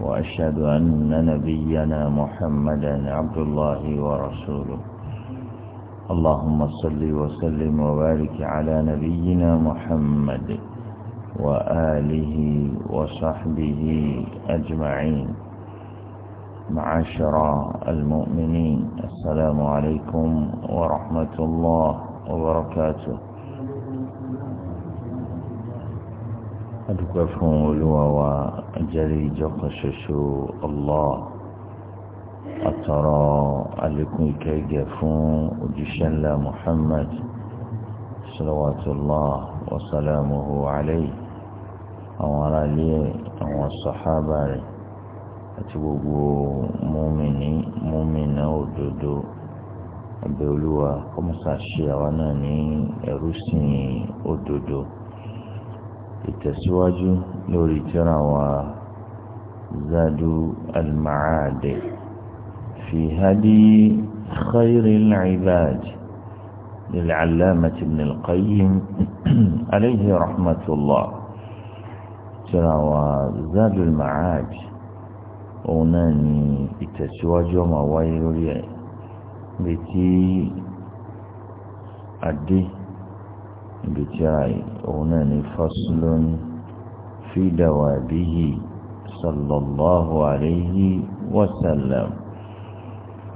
وأشهد أن نبينا محمدا عبد الله ورسوله اللهم صل وسلم وبارك على نبينا محمد وآله وصحبه أجمعين معاشر المؤمنين السلام عليكم ورحمة الله وبركاته adúpẹ́ fún olúwa wa ajẹ́rìí ìjọkan ṣoṣo Allah àtọ̀rọ̀ àlékún ìkẹ́gẹ́ fún òjíṣẹ́ ńlá Muhammad salawatullah wa salamuhu alayhi àwọn aráalé àwọn sàhábà rẹ̀ àti gbogbo múmìnì múmìnà òdodo ẹ̀bẹ̀ olúwa kọ́mọ́sá ṣe àwa náà ní ẹrú sìn ìtẹ̀síwájú lórí tírà wa zadu almaade fi hadi khayri al-ibad للعلامة ابن القيم عليه رحمة الله tírà wa zadu almaade òun náà ni ìtẹ̀síwájú ọmọ wáyé lórí ẹ̀ létí adé. ibi tí a yìí òun náà ní faslun fi dawabihi sallallahu alayhi wa sallam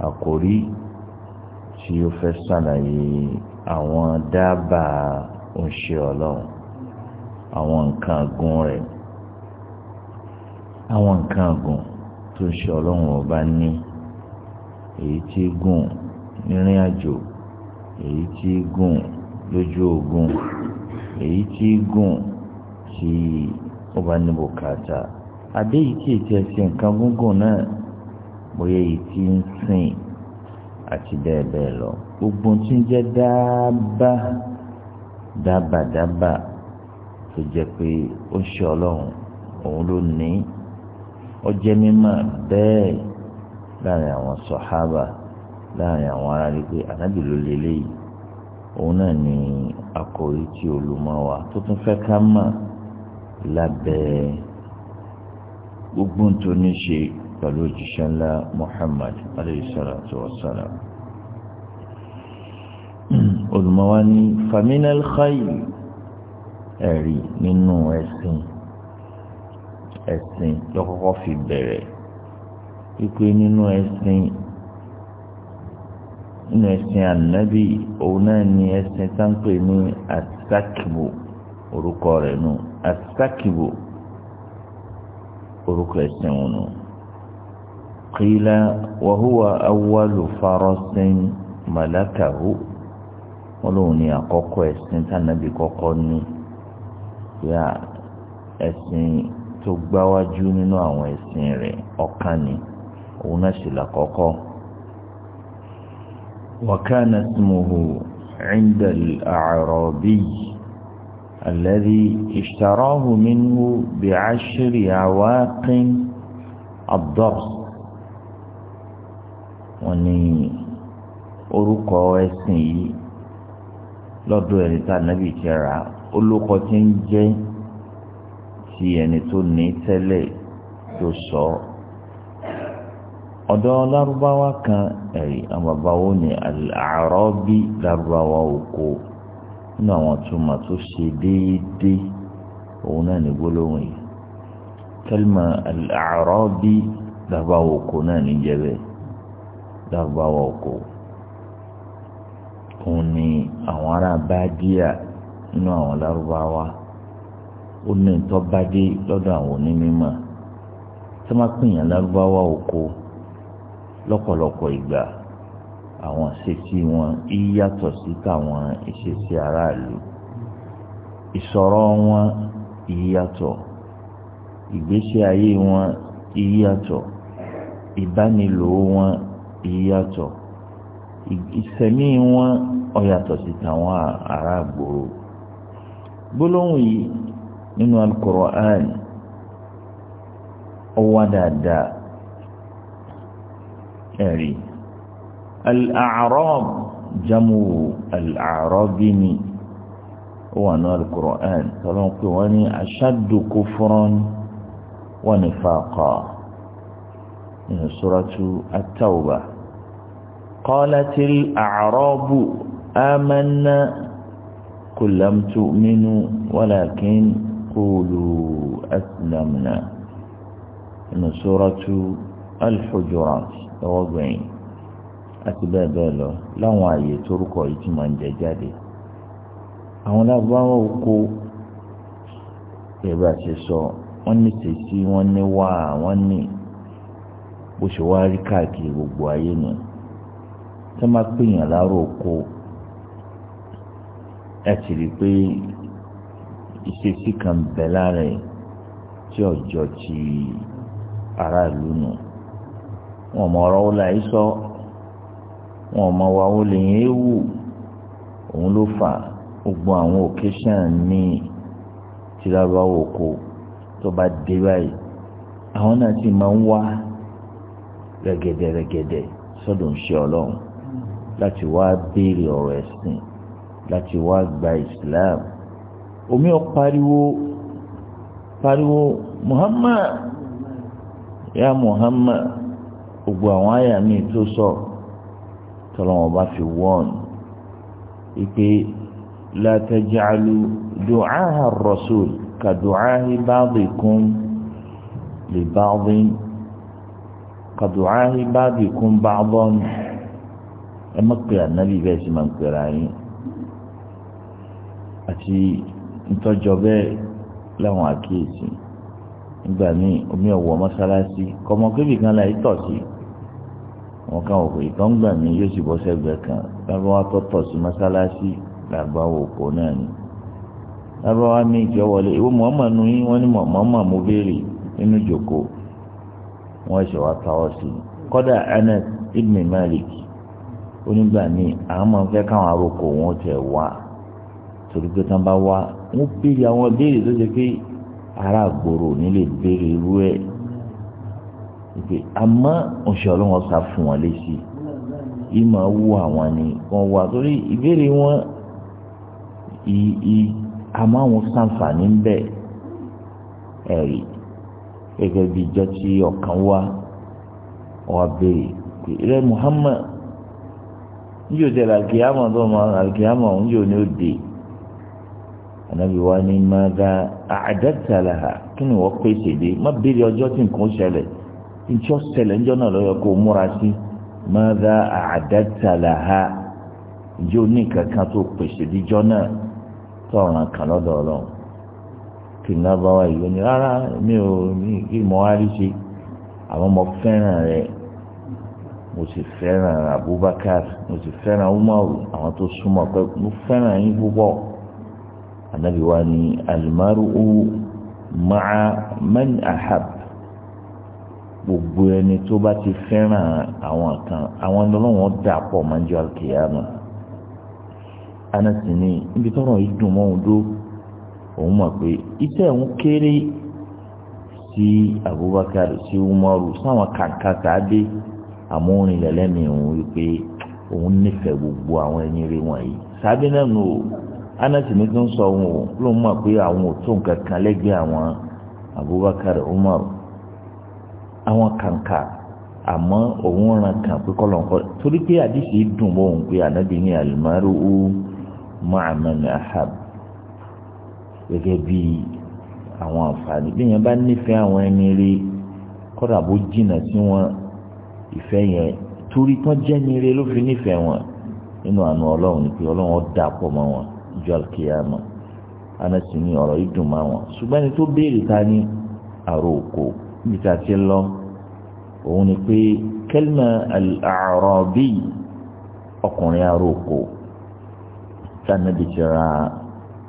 àkórí tí ó fẹ́ sàlàyé àwọn dábàá òṣè ọlọ́run àwọn nǹkan gun rẹ̀ àwọn nǹkan gun tó ṣe ọlọ́run ọba ní èyí tí gùn nírìn àjò èyí tí gùn lójú ogun èyí tí gùn tí ó bá ní bùkátà adé yìí tí ètí ẹsẹ̀ nǹkan gúngùn náà bóyá èyí tí ń sìn àti bẹ́ẹ̀ bẹ́ẹ̀ lọ gbogbo tí ń jẹ́ dáàbà dáàbà dáàbà tó jẹ́ pé ó ṣe ọlọ́run òun ló ní ó jẹ́ mímọ̀ bẹ́ẹ̀ láàrin àwọn sọ̀hábà láàrin àwọn aráàlú pé ànábì ló lélẹ́yìí òun náà ni àkòrí tí olùmọ̀ wa tó tún fẹ́ ká mọ̀ lábẹ́ gbogbo tó ní ṣe pẹ̀lú òjíṣẹ́ ńlá Muhammad alayhi salatu wa salam olùmọ̀ wa ní faminal khayr ẹ̀rí nínú ẹ̀sìn ẹ̀sìn lọ́kọ́kọ́ fi bẹ̀rẹ̀ wípé nínú ẹ̀sìn nínú ẹ̀sìn ànábì òun náà ni ẹ̀sìn táǹpè ní asakibu orúkọ rẹ̀ nù asakibu orúkọ ẹ̀sìn wọn nù. qila wa huwa awwalu farasin malakahu wọn lòun ni àkọ́kọ́ ẹ̀sìn táǹnàbì kọ́kọ́ ní yá ẹ̀sìn tó gbáwájú nínú àwọn ẹ̀sìn rẹ̀ ọ̀kan ni òun náà sì là kọ́kọ́. وكان اسمه عند الأعرابي الذي اشتراه منه بعشر عواق الضرس وني orúkọ ẹsìn yìí lọ́dọ̀ ẹni tá nábì kẹra olùkọ́ tí ń jẹ́ ti ẹni tó ní tẹ́lẹ̀ tó sọ ọ̀dọ̀ lárúbáwá kan ẹ̀rí àbàbáwó ni àrọ́bí lárúbáwá oko nínú àwọn túmọ̀ tó ṣe déédéé òun náà ní gbólóhùn yìí kẹlìmọ̀ àrọ́bí lárúbáwá oko náà ní jẹ́bẹ̀ lárúbáwá oko òun ni àwọn ará bádíà nínú àwọn lárúbáwá ó ní ìtọ́ lọ́dọ̀ àwọn onímọ̀ tí wọ́n pè yàn lárúbáwá oko lọ́pọ̀lọpọ̀ ìgbà àwọn ìṣesí wọn yíyàtọ̀ sí tàwọn ìṣesí aráàlú ìsọ̀rọ̀ wọn yíyàtọ̀ ìgbésí ayé wọn yíyàtọ̀ ìbánilò wọn yíyàtọ̀ ìsẹ̀mí wọn ọ̀yàtọ̀ sí tàwọn ará gbòòrò gbólóhùn yìí nínú Al-Qur'an ó wá dáadáa. ẹ̀rí al-a'rab jamu al-a'rabini ó wà ní al-Qur'an tọ́lọ́n pé wọ́n ní ashaddu kufran wa nifaqa nínú suratu at-Tawbah qalatil a'rabu amanna qul lam tu'minu walakin qulu aslamna nínú suratu al-Hujurat. àtọwọ́gbẹ̀yìn àti bẹ́ẹ̀ bẹ́ẹ̀ lọ láwọn ààyè torúkọ yìí ti máa ń jẹ jáde àwọn lábáwọ̀ oko ẹ̀rọ àti sọ wọ́n ní tèsí wọ́n ní wá wọ́n ní bó ṣe wá rí káàkiri gbogbo ayé nù tó máa pèèyàn láàárọ̀ oko ẹ ti rí i pé ìṣesí kan bẹ̀ lára ẹ̀ tí ọjọ́ ti aráàlú nù. No wọn mọ ọ̀rọ̀ wọlé àìsọ wọn mọ wa wọlé yẹn éwù òun ló fà gbogbo àwọn occasion ní tìlábàwò kò tó bá dé báyìí àwọn náà sì máa ń wá rẹ̀gẹ̀dẹ̀ rẹ̀gẹ̀dẹ̀ sọ́dọ̀ ń ṣe ọlọ́run láti wá béèrè ọ̀rọ̀ ẹ̀sìn láti wá gba islam omi ọ pariwo pariwo muhammad ya muhammad gbogbo àwọn àyà míì tó sọ tọ́lọ́wọ́n bá fi wọ́n ìpè la taj'alu du'a ar-rasul ka du'a ba'dikum li ba'din ka du'a ba'dikum ba'dan ẹ má pè ànábì bẹ́ẹ̀ sì máa ń pèrè ayé àti ntọ́jọ́ bẹ́ẹ̀ láwọn àkíyèsí nígbà míì omi ọ̀wọ́ mọ́sálásí kọ́mọkébì kan láì tọ̀ sí wọn kàn wò pé ìtàn gbà mí yóò sì bọ́ sẹ́gbẹ̀ẹ́ kan lábáwá tọ́tọ̀ sí mọ́sálásí làgbà wò kó náà ni lábáwá mi ìjọ wọlé ìwọ mọ̀ọ́mọ̀ nu yín wọ́n ní mọ̀ọ́mọ̀ mo béèrè nínú jòkó wọ́n ṣe wá tawọ́ sí i kọ́dà Anas ibn Malik onígbà míì àwọn máa ń fẹ́ káwọn aróko wọn tẹ̀ wá torí pé tán bá wá wọ́n béèrè àwọn béèrè tó ṣe pé ará àgbòrò nílé béèrè irú ẹ̀ ìpè àmọ́ oṣù ọlọ́wọ́n sá fún wọn léṣe ìmọ̀ wú àwọn ni wọ́n wà torí ìbéèrè wọn àmọ́ àwọn sàǹfààní ń bẹ ẹ̀rí gẹ́gẹ́ bí ìjọ tí ọ̀kan wá wà béèrè pé rẹ Muhammad níjó tẹ làkìyàmọ̀ tó máa làkìyàmọ̀ níjó ni ó dé ànábì wa ní máa dá àdẹ́tàlá kí ni wọ́n pèsè dé má béèrè ọjọ́ tí nǹkan ṣẹlẹ̀ ìjọ ṣẹlẹ̀ ńjọ́ náà lọ́yọ̀ kó múra sí mọ́dà àdẹ́tàlàhà ìjọ oníkankan tó pèsè díjọ́ náà tọ̀ràn kan lọ́dọ̀ ọlọ́run kì í ná bá wa ìlú ni rárá mi ò ní kí mo wá rí ṣe àwọn ọmọ fẹ́ràn rẹ̀ mo sì fẹ́ràn Abubakar mo sì fẹ́ràn Umaru àwọn tó súnmọ́ pé mo fẹ́ràn yín púpọ̀ anabi ni alimaru ma'a man ahab gbogbo ẹni tó bá ti fẹ́ràn àwọn kan àwọn ọlọ́wọ́n dà pọ̀ máa ń jọ àkèyàmù ibi tọrọ yìí dùn mọ́ òun dó òun mọ̀ pé iṣẹ́ òun kéré sí Abubakar sí Umaru sáwọn kàǹkà sáadé àmúrin lẹ́lẹ́mì òun wípé òun nífẹ̀ẹ́ gbogbo àwọn ẹni rí wọ̀nyí sáadé náà nù anasi ni tó ń sọ òun ló mọ̀ pé àwọn ò tó nǹkan kan lẹ́gbẹ̀ẹ́ àwọn Abubakar Umaru àwọn kanka àmọ́ òun ràn kàn pé kọ́ lọ́nkọ́ torí pé àdìsí dùn mọ́ òun pé ànábì ní àlùmárù ó ahab gẹ́gẹ́ bí àwọn àǹfààní bí yẹn bá nífẹ̀ẹ́ àwọn ẹni rí kọ́dà bó jìnnà sí wọn ìfẹ́ yẹn torí tán jẹ́ ní rí ló fi nífẹ̀ẹ́ wọn nínú àánú ọlọ́run ni pé ọlọ́run dà pọ̀ mọ́ wọn ju àlùkìyàmọ́ anasi ní ọ̀rọ̀ yìí dùn mọ́ wọn ṣùgbọ́n ẹni tó béèrè ta níta ti ń lọ òun ni pé kẹlímà al-A'rabi ọkùnrin aróko tánàbì ti ra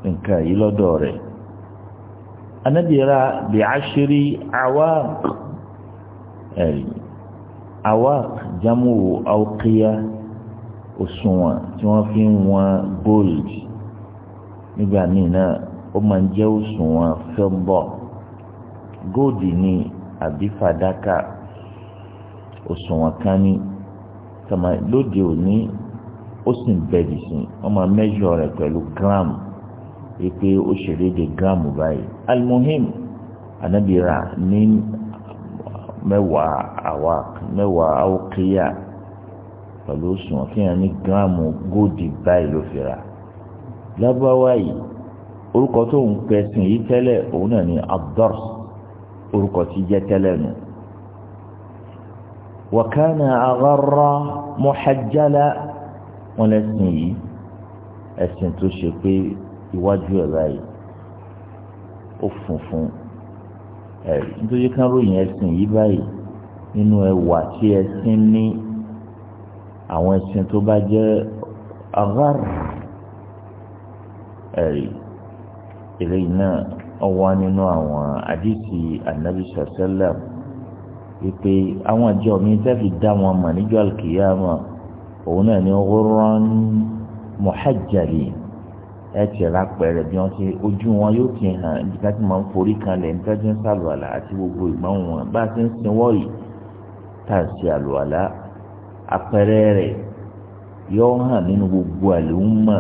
nǹkan yìí lọ́dọ̀ rẹ̀ anabi ra bi ashiri awaq ẹ̀rí awaq jamu awqiya òṣùwọ̀n tí wọ́n fi ń wọn gold nígbà míì náà ó máa ń jẹ́ òṣùwọ̀n fẹ́ńbọ̀ góòdì ni àbí fàdákà òṣùwọ̀n kan ní tàmá lóde òní ó sì ń bẹ̀rì sí wọ́n máa mẹ́jọ rẹ̀ pẹ̀lú gram wípé ó ṣe déédéé gram báyìí almuhim anabira ní mẹ́wàá àwa mẹ́wàá àwòkéyà pẹ̀lú òṣùwọ̀n kéèyàn ní gram góòdì báyìí ló fi rà lábáwá yìí orúkọ tó ń pẹ́ sìn yìí tẹ́lẹ̀ òun náà ní abdors orúkọ tí jẹ́ tẹ́lẹ̀ nù. wàkánà àgọ́rọ́ mọ́hájálá wọn lẹ́sìn yìí ẹ̀sìn tó ṣe pé iwájú ẹ̀ báyìí ó funfun ẹ̀ nítorí kan ròyìn ẹ̀sìn yìí báyìí nínú ẹwà tí ẹ̀sìn ní àwọn ẹ̀sìn tó bá jẹ́ àgọ́rọ́ ẹ̀rí eléyìí náà ọwọ́ nínú àwọn àdìsí ànábì sàṣẹ́lẹ̀ ìpè àwọn àjọ mi tẹ́fi dá wọn mọ̀ níjọ́ àlùkìyàmà òun náà ní ghurran muhajjali ẹ ti ra pẹ̀rẹ̀ bí wọ́n ṣe ojú wọn yóò ti hàn nígbà tí wọ́n forí kanlẹ̀ nígbà tí wọ́n sàlùwàlà àti gbogbo ìgbọ́n wọn bá a ti ń sinwọ́ yìí tá à ń ṣe àlùwàlà àpẹẹrẹ rẹ̀ yóò hàn nínú gbogbo àlùmọ́ọ̀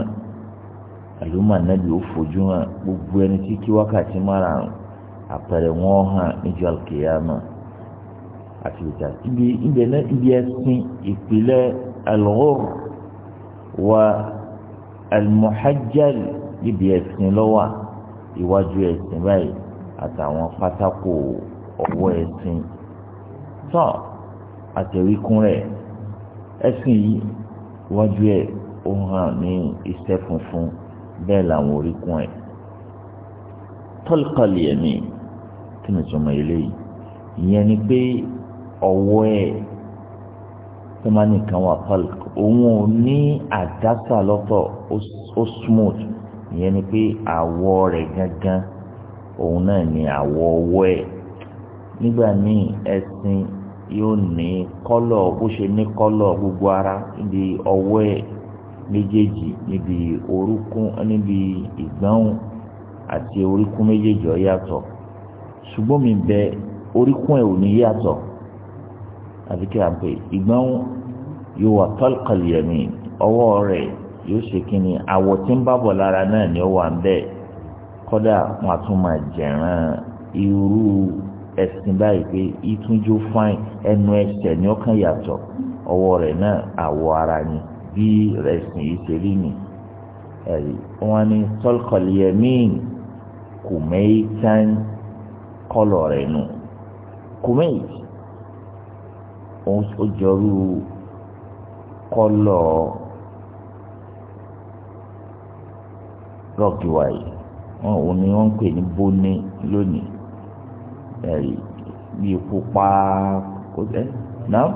àlùmọ̀ nàbì ó fojú hàn gbogbo ẹni tí kí wákàtí márùn-ún àpẹẹrẹ wọn hàn níjọ́ àlùkìyàmà àti ìta ibi ibẹ̀ náà ibi ẹ̀sìn ìpìlẹ̀ alghur wa almuhajjal ibi ẹ̀sìn lọ́wọ́ iwájú ẹ̀sìn báyìí àtàwọn pátákó ọwọ́ ẹ̀sìn tọ́ àtẹ̀wékún rẹ̀ ẹ̀sìn yìí iwájú ẹ̀ ó hàn ní iṣẹ́ funfun bẹ́ẹ̀ làwọn oríkùn ẹ̀ tọ́lùkọ́lì ẹ̀mí kí ni ìtumọ̀ eléyìí ìyẹn ni pé ọwọ́ ẹ̀ tó máa nìkan wà tọ́lùk òun ò ní àdásà lọ́tọ̀ ó smooth ìyẹn ni pé àwọ̀ rẹ̀ gángan òun náà ni àwọ̀ ọwọ́ ẹ̀ nígbà míì ẹ̀sìn yóò ní kọ́lọ̀ bó ṣe ní kọ́lọ̀ gbogbo ara ibi ọwọ́ ẹ̀ méjèèjì níbi orúkún níbi ìgbọ́n àti orúkún méjèèjì ó yàtọ̀ ṣùgbọ́n mi bẹ orúkún ẹ̀ ò ní yàtọ̀ àti kí a pè ìgbọ́n yóò wà tọ́lùkọ̀lì ọwọ́ rẹ̀ yóò ṣe kí ni àwọ̀ tí ń bábọ̀ lára náà ni ó wà ń bẹ́ẹ̀ kọ́dà wọn a tún máa jẹ̀ràn irú ẹ̀sìn báyìí pé ìtúnjú fáìn ẹnu ẹsẹ̀ ni ó kàn yàtọ̀ ọwọ́ rẹ̀ náà àwọ̀ ara ni bí ẹ̀sìn yìí ṣe rí ni ẹ̀rí wọn ni sọlkọlìyẹmín kùmẹ́yì tán kọlọ̀ rẹ̀ nù kùmẹ́yì ó jọrú kọlọ̀ rọ́gìwáyì wọn ò ní wọn ń pè ní bóní lónìí ẹ̀rí bíi pupa kò tẹ́ náà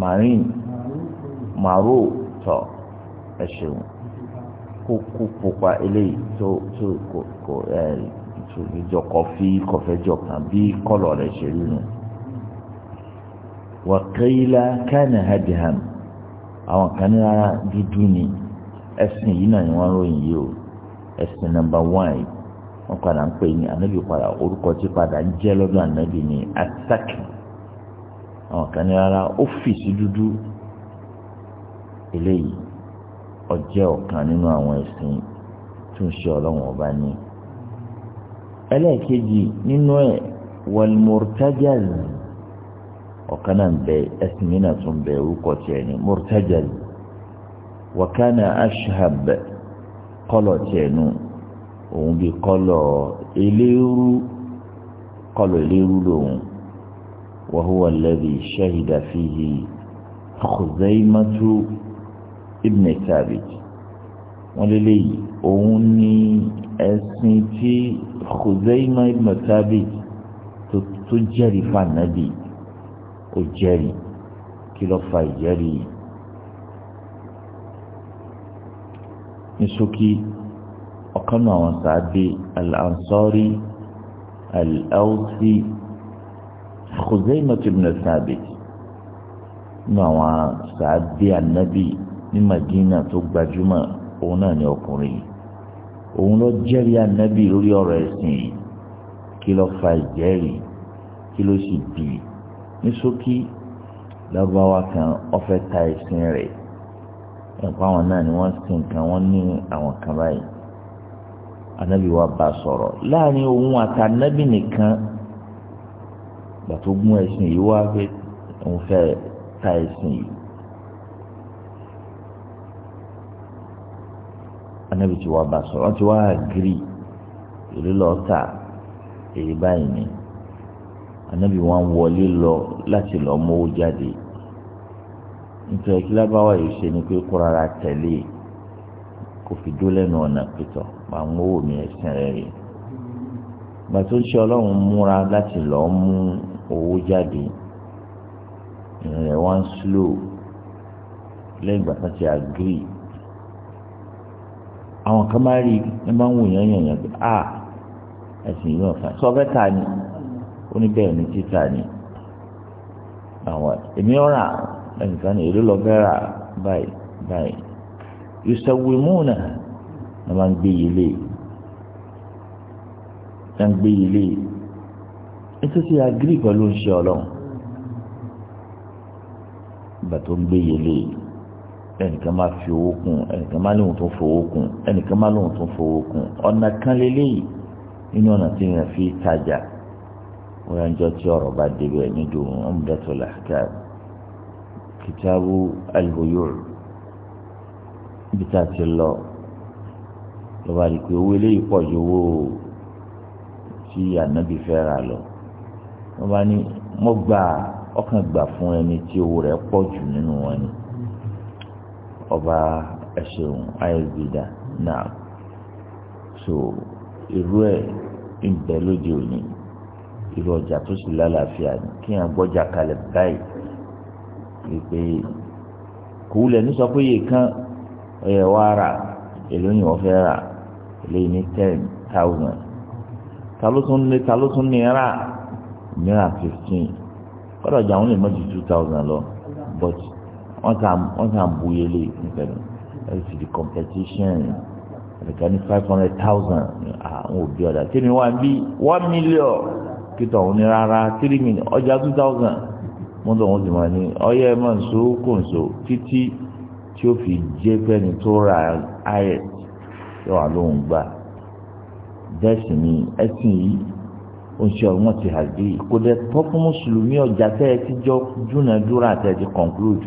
marine. maro tɔ ɛhyɛ mu kuku pokwa eleyi tso tso ko ko ɛɛ tso dzidzɔ kɔfi kɔfɛ dzɔ kan bi kɔlɔ le tse li nu wa keyi la kane ha ni ɛsin yi na nyɔn ro yi o ɛsin namba wan yi wọn kɔ nan kpe ni anabi kpala orukɔ ti padà njɛ lɔdɔ anabi ni ataki awon kane ara dudu. eléyìí ọjẹ́ ọ̀kan nínú àwọn ẹ̀sìn tó ń ṣe ọlọ́run ọba ní. ẹlẹ́ẹ̀kejì nínú ẹ̀ wal-murtajaz ọ̀kan náà ń bẹ ẹ̀sìn mi náà tún bẹ orúkọ tiẹ̀ ní murtajaz wa kana ashhab tiẹ̀ nù òun bí kọ́lọ̀ eléérú kọ́lọ̀ eléérú lòun wa huwa alladhi shahida fihi Khuzaymatu ibn Thabit wọ́n lélẹ́yìí òun ni ẹ̀sìn tí Khuzaima ibn Thabit tó jẹ́rìí fànàbì ó jẹ́rìí kí ló fa ìjẹ́rìí yìí. ní ṣókí ọ̀kan náà wọn sàádé al-ansari al ibn Thabit náà wọn sàádé anabi ní Madina tó gbajúmọ̀ òun náà ni ọkùnrin yìí òun ló jẹ́rìí ànábì lórí ọ̀rọ̀ ẹ̀sìn yìí kí ló fa ìjẹ́rìí kí ló sì bì í ní ṣókí lọ́gbàwá kan ọ̀fẹ́ ta ẹ̀sìn rẹ̀ ẹ̀kọ́ àwọn náà ni wọ́n sin nǹkan wọ́n ní àwọn kan báyìí ànábì wa bá sọ̀rọ̀ láàrin òun àti ànábì nìkan gbàtógún ẹ̀sìn yìí wá fẹ́ ta ẹ̀sìn yìí anábì ti wá bá sọ wọn ti wá àgírí èlé lọ́ọ́ta èyí báyìí ni anábì wọn wọlé lọ láti lọ mówó jáde nítorí kílábáwá yìí ṣe ni pé kó rárá tẹ̀lé kò fi dó lẹ́nu ọ̀nà pẹ̀tọ̀ máa ń mówó mi ẹ̀sìn rẹ̀ rè gbà tó ń ṣe ọlọ́run múra láti lọ́ọ́ mú owó jáde ìrìn rẹ̀ wá ń slow lẹ́yìn ìgbà tó ti àgírí àwọn kan máa rí ẹ máa ń wò yán yàn yàn pé a ẹ̀sìn yìí náà fà sọ fẹ́ tà ní ó ní bẹ́ẹ̀ ní títà ní àwọn èmi ọ̀rà ẹnìkan ní èlò lọ fẹ́ rà báyìí báyìí yusawwimuna ẹ máa ń gbé yìí lé ẹ gbé yìí lé nítorí agiri pẹ̀lú ń ṣe ọlọ́run bàtò ń gbé yìí lé yìí ẹnìkan máa fi owó kún ẹnìkan máa lóun tó fowó kún ẹnìkan máa lóun tó fowó kún ọ̀nà kan lélẹ́yìí nínú ọ̀nà tí yẹn fi tajà wọ́n yẹn jọ tí ọ̀rọ̀ bá débẹ̀ nídùn Umdatul Ahkam kìtàbù al-buyu' bí tá a ti lọ lọ́ba rí pé owó eléyìí pọ̀ ju owó tí ànábì fẹ́ ra lọ wọ́n bá ní mo gbà ọkàn gbà fún ẹni tí owó rẹ̀ pọ̀ jù nínú wọn ni. ọba ẹ̀ṣẹ̀hùn ayélujára náà so irú ẹ̀ ń lóde òní irú ọjà tó sì lálàáfíà ni kí n gbọ́jà kalẹ̀ báyìí wípé kò wúlẹ̀ ní sọ pé kan wá rà ni wọ́n fẹ́ rà èléyìí ní ten thousand ta ní ní rà mìíràn fifteen kọ́dọ̀ lè ju two thousand lọ but wọ́n sàn wọ́n sàn buyele nítorí ẹ di competition ẹ̀ka ní five hundred thousand àwọn òbí ọ̀dà tèmi wà bí one million kíntàn òun ní rárá three million ọjà two thousand wọ́n tó wọ́n sì máa ní ọyẹ́ ẹ̀ máa ń so kò ń so títí tí ó fi jẹ́ fẹ́ni tó ra ayẹ̀ yóò wà lóhùn gbà bẹ́ẹ̀ sì ni ẹ̀sìn yìí oṣù ọ̀wọ́n ti hàdí kò dẹ̀ tọ́ fún mùsùlùmí ọjà tẹ́ ẹ ti jọ dúnadúrà tẹ́ ẹ ti conclude.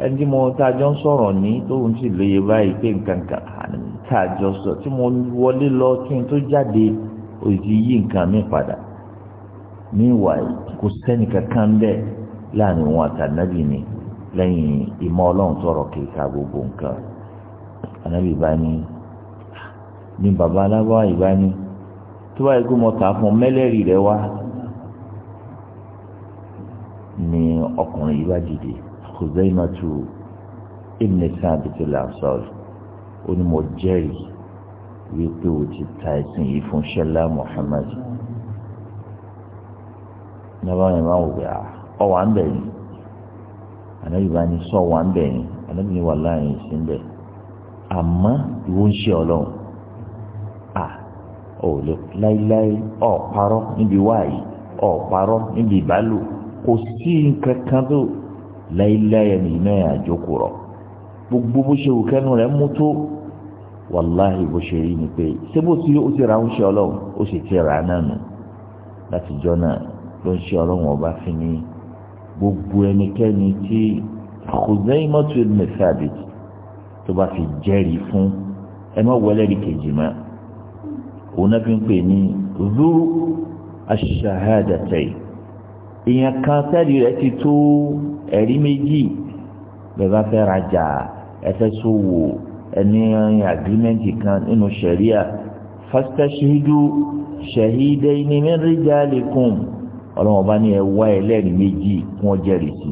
ẹni tí mo tá a jọ ń sọ̀rọ̀ ní tóun sì lóye báyìí pé nǹkan kan tá a jọ sọ tí mo wọlé lọ kí n tó jáde òsì yí nǹkan mi padà ní ìwà kò sẹ́ni kankan bẹ́ẹ̀ láàrin òun àtànábì ni lẹ́yìn ìmọ̀ ọlọ́run sọ̀rọ̀ kíkà gbogbo nǹkan ànábì bá ní ah, ní baba alábọ́ ìbá ní tó bá kó mo tà fún mẹ́lẹ́rì rẹ wá ni ọkùnrin yìí bá dìde. Khuzaymatu ibn Thabit al-Ansari wípé o ti ta ẹ̀sìn yìí fún ṣẹlá Muhammad nígbà yẹn máa wò á ah, ọ wà ń bẹ̀ yìí ànábì bá ní sọ wà ń bẹ̀ yìí ànábì ní wà láàyè sí ń bẹ̀ àmọ́ ìwọ ń ṣe ọlọ́run à ah, ò lè láíláí ọ̀ parọ́ níbi wáyé ọ̀ parọ́ níbi ìbálò kò sí nǹkan kan tó láíláí ẹni náà àjókù rọ gbogbo bó ṣe wù kẹ́nu rẹ̀ mú tó wàláhì bó ṣe rí ni pé ṣé bó ti ó ti ra ń ṣe ọlọ́run ó sì ti rà á náà nù látijọ́ náà ló ń ṣe ọlọ́run ọba fi ní gbogbo ẹnikẹ́ni tí Khuzaimatu ibn Thabit tó bá fi jẹ́rìí fún ẹ má wọlé rí kejì mọ́ òun náà fi ń pè ní zu ash-shahadatayn kan sẹ́ẹ̀dì rẹ̀ ti tó ẹ̀rí méjì bẹ́ẹ̀ bá fẹ́ rajà ẹ fẹ́ ṣòwò ẹni agirimẹ́ǹtì kan nínú sẹ̀ríà fastashidu shahidayni min rijalikum ọlọ́wọ́n bá ní ẹ wá ẹlẹ́rìí méjì kún ọ jẹ́rìí sí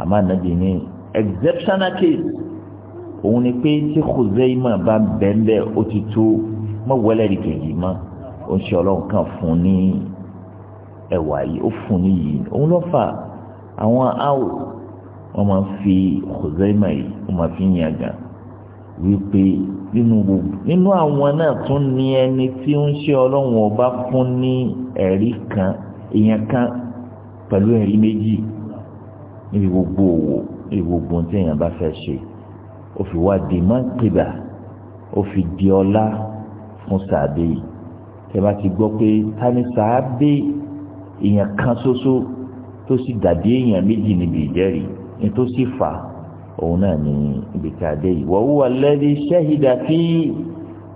àmọ́ ànábì ní exceptional case òun ni pé tí Khuzaima bá bẹ́ńbẹ́ ó ti tó mọ́ wẹ́lẹ́rìí kejì mọ́ ó ń ṣe ọlọ́run kan fún ní ẹwà yìí ó fún ní yìí òun ló fà á àwọn áwò wọ́n máa fi Khuzaima yìí wọ́n máa fi yàn gan wípé nínú gbogbo nínú àwọn náà tún ní ẹni tí ó ń ṣe ọlọ́run ọba fún ní ẹ̀rí kan èèyàn kan pẹ̀lú ẹ̀rí méjì níbi gbogbo òwò níbi gbogbo ohun tí èèyàn bá fẹ́ ṣe ó fi wá di mọ́ńkìbà ó fi di ọlá fún sàbẹ̀ yìí tẹ́ bá ti gbọ́ pé ta ni sàbẹ̀ èèyàn kan ṣoṣo tó sì dàbí èèyàn méjì níbi ìjẹ́rìí ní tó sì fà òun náà ní ibi tí a dé yìí wọ́n wúwa lẹ́dí ṣẹ́hìdá tí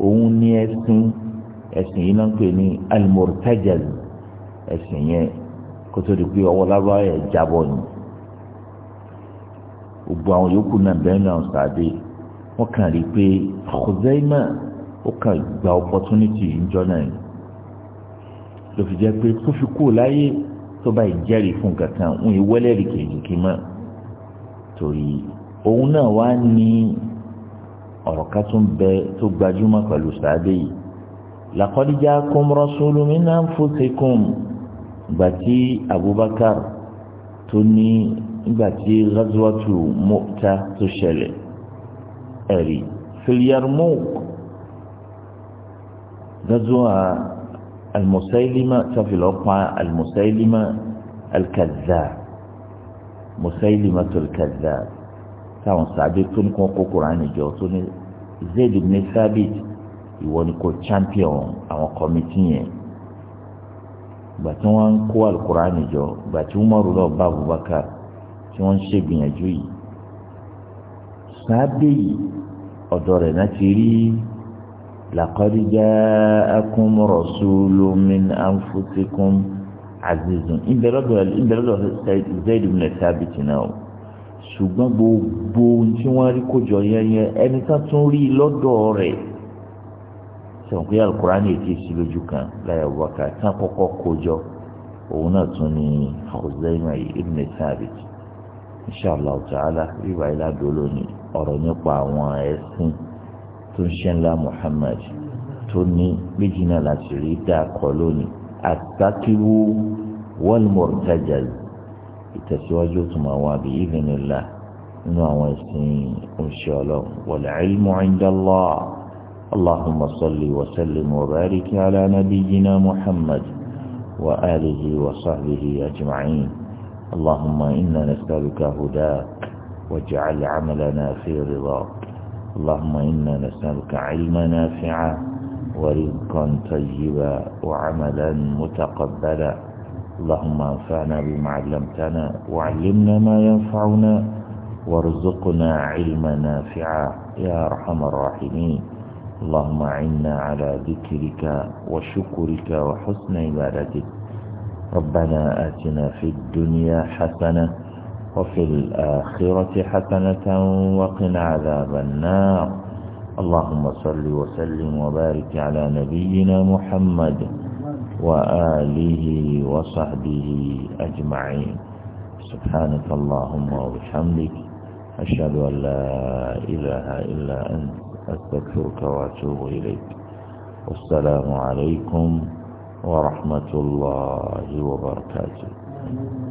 òun ní ẹ̀sìn ẹ̀sìn yìí náà ń pè ní almortajal ẹ̀sìn yẹn kó tó di pé ọwọ́ lábáwá jábọ̀ ni gbogbo àwọn yòókù náà bẹ́ẹ̀ náà sàdé wọ́n kàn rí i pé Khuzaima ó kàn gba opportunity ìjọ náà ló fi jẹ́ pé tó fi kú láyé tó bá ìjẹ́rìí fún kankan ń yí wẹ́lẹ́rìí kejì kí mọ́ torí òun náà wá ní ọ̀rọ̀ ká tún bẹ tó gbajúmọ̀ pẹ̀lú sàádé yìí laqad jā'akum rasulun min anfusikum ìgbà tí Abubakar tó ní ìgbà tí ghazwatu Mu'ta tó ṣẹlẹ̀ ẹ̀rí fil Yarmouk alimusailima sáfìlọ́ pa alimusailima alikazza musailima tolikazza táwọn sábẹ́ tó ní kó Kùránì jọ tó ní Zaid ibn Thabit ìwọ ni kò champion àwọn kọ́mítì yẹn gbà tí wọ́n ń kó alukur'ani jọ gbà tí umaru lọ bá abubakar tí wọ́n ń ṣe gbìyànjú yìí sáábì yìí ọ̀dọ̀ rẹ̀ náà ti rí لقد جاءكم رسول من أنفسكم عزيز إن درجة زيد بن ثابت ناو ṣùgbọ́n gbogbo ohun tí wọ́n rí kójọ yẹnyẹ ẹni tá tún rí lọ́dọ̀ rẹ̀ sọ̀rọ̀ pé alukurani èké sí lójú kan láyé wákà tán kọ́kọ́ kójọ òun náà tún ní ọ̀zẹ́yìn ibn Thabit inshallah ta'ala ríwáyé ládùúgbò lónìí ọ̀rọ̀ nípa àwọn ẹ̀sìn tó ń ṣe ńlá Muhammad tó ní méjì náà láti rí dáa kọ lónìí àtàkìwò wọlmọ̀tàjàl ìtẹ̀síwájú tó máa wà bí ìbínilá nínú àwọn ẹ̀sìn oṣù ọlọ́run wọlé ilmu indala allahumma salli wa sallim wa barik ala nabiyyina muhammad wa alihi wa sahbihi ajma'in allahumma inna nas'aluka hudak اللهم إنا نسألك علما نافعا ورزقا طيبا وعملا متقبلا اللهم انفعنا بما علمتنا وعلمنا ما ينفعنا وارزقنا علما نافعا يا أرحم الراحمين اللهم عنا على ذكرك وشكرك وحسن عبادتك ربنا آتنا في الدنيا حسنة وفي الآخرة حسنة وقنا عذاب النار اللهم صل وسلم وبارك على نبينا محمد وآله وصحبه أجمعين سبحانك اللهم وبحمدك أشهد أن لا إله إلا أنت أستغفرك وأتوب إليك والسلام عليكم ورحمة الله وبركاته